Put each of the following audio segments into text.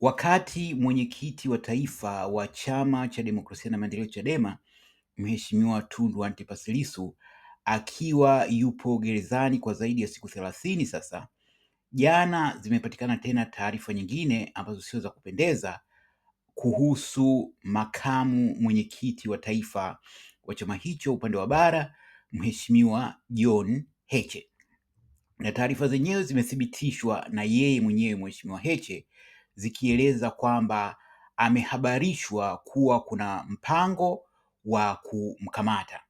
Wakati mwenyekiti wa taifa wa Chama cha Demokrasia na Maendeleo Chadema, Mheshimiwa Tundu Antipas Lissu akiwa yupo gerezani kwa zaidi ya siku thelathini sasa, jana zimepatikana tena taarifa nyingine ambazo sio za kupendeza kuhusu makamu mwenyekiti wa taifa wa chama hicho upande wa bara, Mheshimiwa John Heche, na taarifa zenyewe zimethibitishwa na yeye mwenyewe Mheshimiwa Heche zikieleza kwamba amehabarishwa kuwa kuna mpango wa kumkamata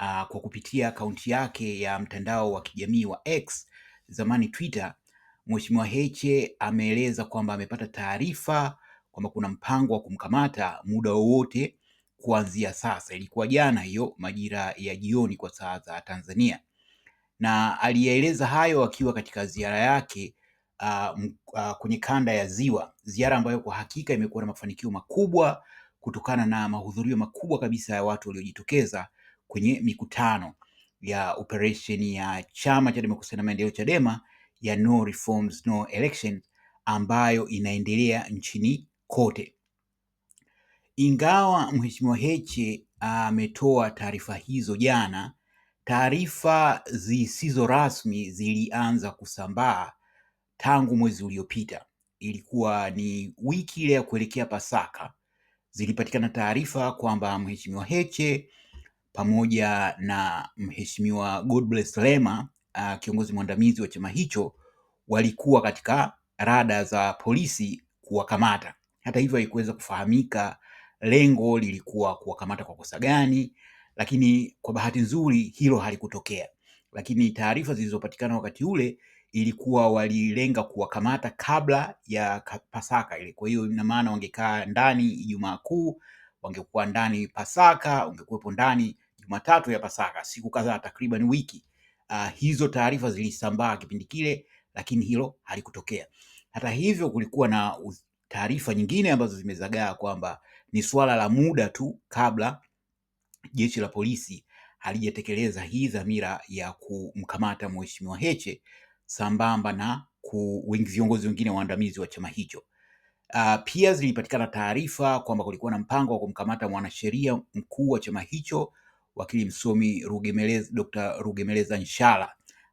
uh, kwa kupitia akaunti yake ya mtandao wa kijamii wa X zamani Twitter. Mheshimiwa Heche ameeleza kwamba amepata taarifa kwamba kuna mpango wa kumkamata muda wowote kuanzia sasa. Ilikuwa jana hiyo majira ya jioni kwa saa za Tanzania, na aliyaeleza hayo akiwa katika ziara yake uh, uh, kwenye kanda ya Ziwa, ziara ambayo kwa hakika imekuwa na mafanikio makubwa kutokana na mahudhurio makubwa kabisa ya watu waliojitokeza kwenye mikutano ya operesheni ya chama cha demokrasia na maendeleo Chadema ya no reforms, no election ambayo inaendelea nchini kote. Ingawa Mheshimiwa Heche ametoa taarifa hizo jana, taarifa zisizo rasmi zilianza kusambaa tangu mwezi uliopita, ilikuwa ni wiki ile ya kuelekea Pasaka, zilipatikana taarifa kwamba Mheshimiwa Heche pamoja na Mheshimiwa Godbless Lema uh, kiongozi mwandamizi wa chama hicho walikuwa katika rada za polisi kuwakamata. Hata hivyo, haikuweza kufahamika lengo lilikuwa kuwakamata kwa kosa gani, lakini kwa bahati nzuri hilo halikutokea. Lakini taarifa zilizopatikana wakati ule ilikuwa walilenga kuwakamata kabla ya Pasaka ile. Kwa hiyo ina maana wangekaa ndani Ijumaa Kuu, wangekuwa ndani Pasaka, wangekuwepo ndani Jumatatu ya Pasaka, siku kadhaa, takriban wiki. Uh, hizo taarifa zilisambaa kipindi kile, lakini hilo halikutokea. Hata hivyo, kulikuwa na taarifa nyingine ambazo zimezagaa kwamba ni suala la muda tu kabla jeshi la polisi halijatekeleza hii dhamira ya kumkamata Mheshimiwa Heche sambamba na viongozi wengine waandamizi wa chama hicho. Uh, pia zilipatikana taarifa kwamba kulikuwa na mpango wa kumkamata mwanasheria mkuu wa chama hicho wakili msomi Rugemeleza, Dr. Rugemeleza Nshala.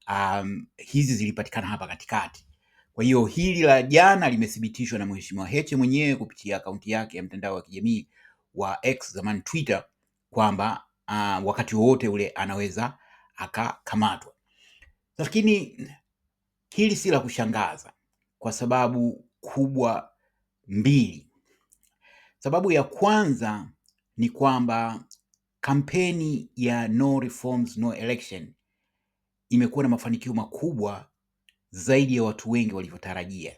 Um, hizi zilipatikana hapa katikati. Kwa hiyo hili la jana limethibitishwa na Mheshimiwa Heche mwenyewe kupitia akaunti yake ya mtandao wa kijamii wa X zamani Twitter kwamba uh, wakati wowote ule anaweza akakamatwa. Lakini Hili si la kushangaza kwa sababu kubwa mbili. Sababu ya kwanza ni kwamba kampeni ya no reforms, no election imekuwa na mafanikio makubwa zaidi ya watu wengi walivyotarajia,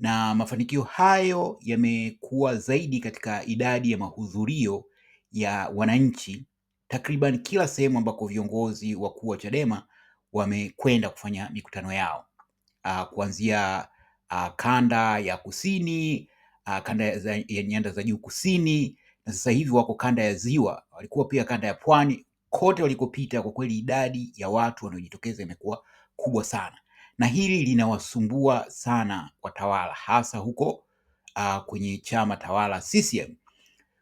na mafanikio hayo yamekuwa zaidi katika idadi ya mahudhurio ya wananchi takriban kila sehemu ambako viongozi wakuu wa Chadema wamekwenda kufanya mikutano yao uh, kuanzia uh, kanda ya kusini uh, kanda za, ya nyanda za juu kusini, na sasa hivi wako kanda ya ziwa, walikuwa pia kanda ya pwani. Kote walikopita kwa kweli, idadi ya watu wanaojitokeza imekuwa kubwa sana, na hili linawasumbua sana watawala, hasa huko uh, kwenye chama tawala CCM,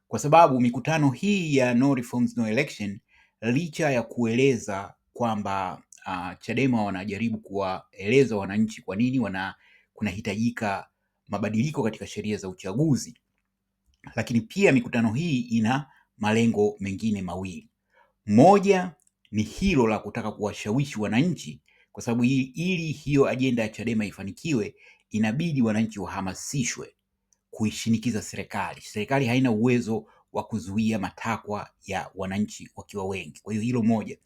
kwa sababu mikutano hii ya no reforms, no election licha ya kueleza kwamba uh, Chadema wanajaribu kuwaeleza wananchi kwa nini wana kunahitajika mabadiliko katika sheria za uchaguzi, lakini pia mikutano hii ina malengo mengine mawili. Moja ni hilo la kutaka kuwashawishi wananchi, kwa sababu ili hiyo ajenda ya Chadema ifanikiwe, inabidi wananchi wahamasishwe kuishinikiza serikali. Serikali haina uwezo wa kuzuia matakwa ya wananchi wakiwa wengi. Kwa hiyo hilo moja,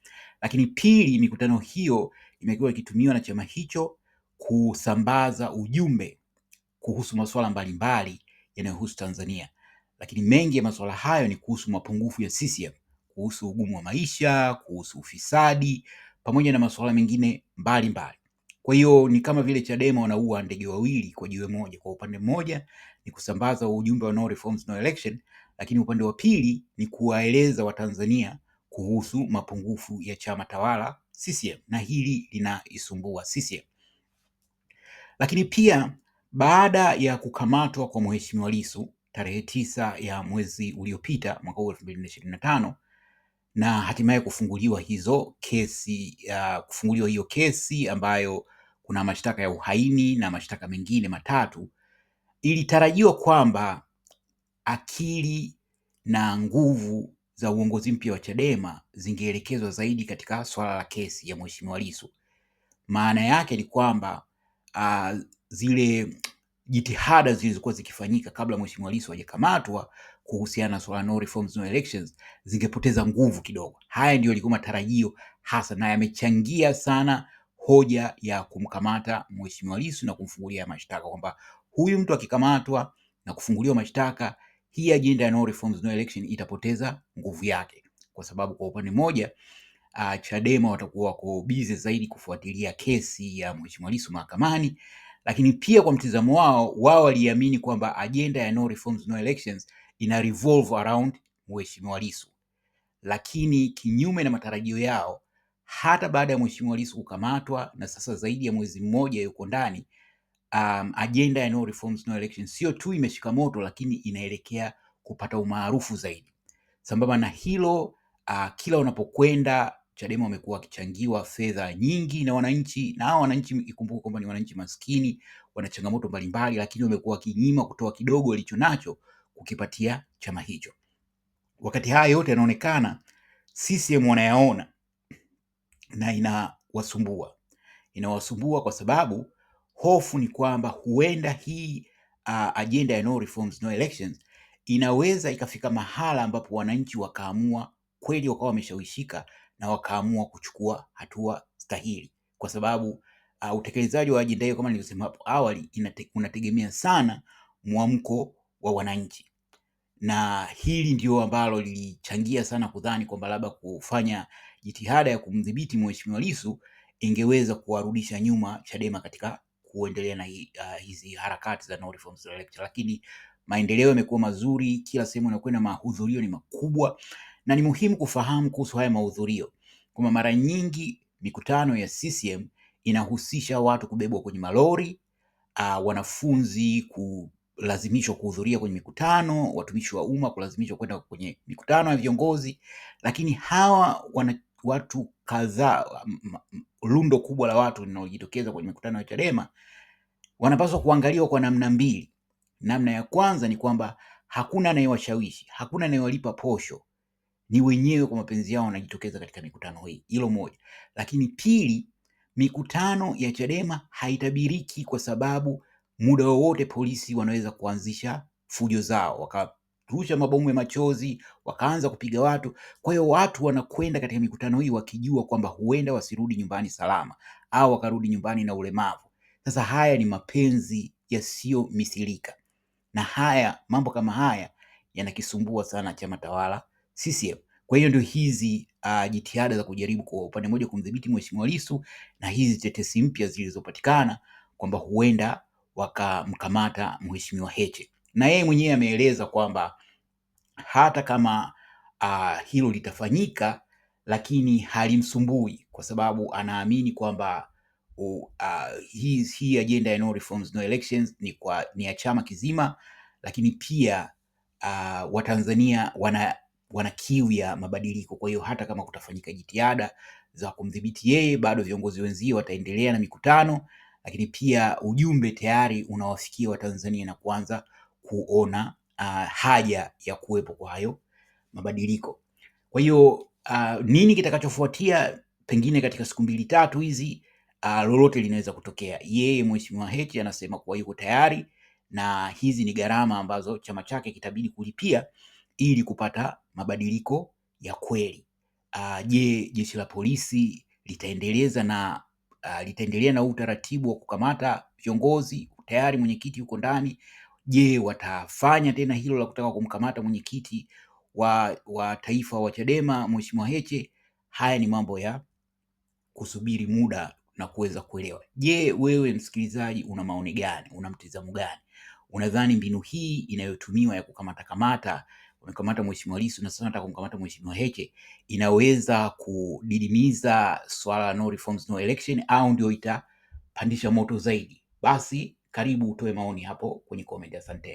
lakini pili, mikutano hiyo imekuwa ikitumiwa na chama hicho kusambaza ujumbe kuhusu masuala mbalimbali yanayohusu Tanzania, lakini mengi ya masuala hayo ni kuhusu mapungufu ya CCM, kuhusu ugumu wa maisha, kuhusu ufisadi pamoja na masuala mengine mbalimbali. Kwa hiyo ni kama vile Chadema wanaua ndege wawili kwa jiwe moja. Kwa upande mmoja ni kusambaza ujumbe wa no reforms no election, lakini upande wa pili ni kuwaeleza Watanzania kuhusu mapungufu ya chama tawala CCM, na hili linaisumbua CCM. Lakini pia baada ya kukamatwa kwa Mheshimiwa Lissu tarehe tisa ya mwezi uliopita mwaka huu 2025 na hatimaye kufunguliwa hizo kesi uh, kufunguliwa hiyo kesi ambayo kuna mashtaka ya uhaini na mashtaka mengine matatu, ilitarajiwa kwamba akili na nguvu za uongozi mpya wa Chadema zingeelekezwa zaidi katika swala la kesi ya Mheshimiwa Lissu. Maana yake ni kwamba uh, zile jitihada zilizokuwa zikifanyika kabla Mheshimiwa Lissu hajakamatwa kuhusiana na swala no reforms no elections zingepoteza nguvu kidogo. Haya ndiyo yalikuwa matarajio hasa, na yamechangia sana hoja ya kumkamata Mheshimiwa Lissu na kumfungulia mashtaka, kwamba huyu mtu akikamatwa na kufunguliwa mashtaka hii ajenda ya no reforms no election itapoteza nguvu yake, kwa sababu kwa upande mmoja uh, Chadema watakuwa wako busy zaidi kufuatilia kesi ya Mheshimiwa Lissu mahakamani, lakini pia kwa mtizamo wao, wao waliamini kwamba ajenda ya no reforms no elections ina revolve around Mheshimiwa Lissu, lakini kinyume na matarajio yao, hata baada ya Mheshimiwa Lissu kukamatwa na sasa zaidi ya mwezi mmoja yuko ndani, um, ajenda ya no reforms no elections sio tu imeshika moto, lakini inaelekea kupata umaarufu zaidi. Sambamba na hilo uh, kila unapokwenda Chadema wamekuwa wakichangiwa fedha nyingi na wananchi, na hao wananchi ikumbuke kwamba ni wananchi maskini, wana changamoto mbalimbali, lakini wamekuwa wakinyima kutoa kidogo walicho nacho kukipatia chama hicho. Wakati haya yote yanaonekana, CCM wanayaona na inawasumbua, inawasumbua kwa sababu hofu ni kwamba huenda hii uh, ah, ajenda ya no reforms no elections inaweza ikafika mahala ambapo wananchi wakaamua kweli, wakawa wameshawishika na wakaamua kuchukua hatua stahili, kwa sababu uh, utekelezaji wa ajenda hiyo kama nilivyosema hapo awali inate, unategemea sana mwamko wa wananchi, na hili ndio ambalo lilichangia sana kudhani kwamba labda kufanya jitihada ya kumdhibiti Mheshimiwa Lissu ingeweza kuwarudisha nyuma Chadema katika kuendelea na uh, hizi harakati za no reforms to lakini maendeleo yamekuwa mazuri, kila sehemu inakwenda, mahudhurio ni makubwa, na ni muhimu kufahamu kuhusu haya mahudhurio kwamba mara nyingi mikutano ya CCM inahusisha watu kubebwa kwenye malori uh, wanafunzi ku lazimishwa kuhudhuria kwenye mikutano, watumishi wa umma kulazimishwa kwenda kwenye mikutano ya viongozi, lakini hawa wana, watu kadhaa, lundo kubwa la watu linalojitokeza kwenye mikutano ya Chadema wanapaswa kuangaliwa kwa namna mbili. Namna ya kwanza ni kwamba hakuna anayewashawishi, hakuna anayewalipa posho, ni wenyewe kwa mapenzi yao wanajitokeza katika mikutano hii. Hilo moja. Lakini pili, mikutano ya Chadema haitabiriki kwa sababu muda wowote polisi wanaweza kuanzisha fujo zao, rusha mabomu ya machozi, wakaanza kupiga watu. Kwa hiyo watu wanakwenda katika mikutano hii wakijua kwamba huenda wasirudi nyumbani salama au wakarudi nyumbani na ulemavu. Sasa haya ni mapenzi yasiyomisilika, na haya mambo kama haya yanakisumbua sana chama tawala CCM. Kwa hiyo ndio hizi uh, jitihada za kujaribu kwa upande mmoja kumdhibiti Mheshimiwa Lissu na hizi tetesi mpya zilizopatikana kwamba huenda wakamkamata Mheshimiwa Heche na yeye mwenyewe ameeleza kwamba hata kama uh, hilo litafanyika lakini halimsumbui kwa sababu anaamini kwamba uh, hii ajenda ya no reforms no elections ni kwa ni ya chama kizima, lakini pia uh, Watanzania wana wana kiu ya mabadiliko. Kwa hiyo hata kama kutafanyika jitihada za kumdhibiti yeye, bado viongozi wenzio wataendelea na mikutano, lakini pia ujumbe tayari unawafikia Watanzania na kuanza kuona uh, haja ya kuwepo kwa hayo mabadiliko. Kwa hiyo uh, nini kitakachofuatia pengine katika siku mbili tatu hizi uh, lolote linaweza kutokea. Yeye Mheshimiwa Heche anasema kuwa yuko tayari na hizi ni gharama ambazo chama chake kitabidi kulipia ili kupata mabadiliko ya kweli. Uh, je, jeshi la polisi litaendeleza na uh, litaendelea na utaratibu wa kukamata viongozi? Tayari mwenyekiti yuko ndani, Je, watafanya tena hilo la kutaka kumkamata mwenyekiti wa, wa taifa wa Chadema Mheshimiwa Heche? Haya ni mambo ya kusubiri muda na kuweza kuelewa. Je, wewe msikilizaji, una maoni gani? Una mtizamo gani? Unadhani mbinu hii inayotumiwa ya kukamata kamata umekamata Mheshimiwa Lissu na sasa nataka kumkamata Mheshimiwa Heche inaweza kudidimiza swala no reforms no election, au ndio itapandisha moto zaidi? Basi karibu utoe maoni hapo kwenye comment. Asante.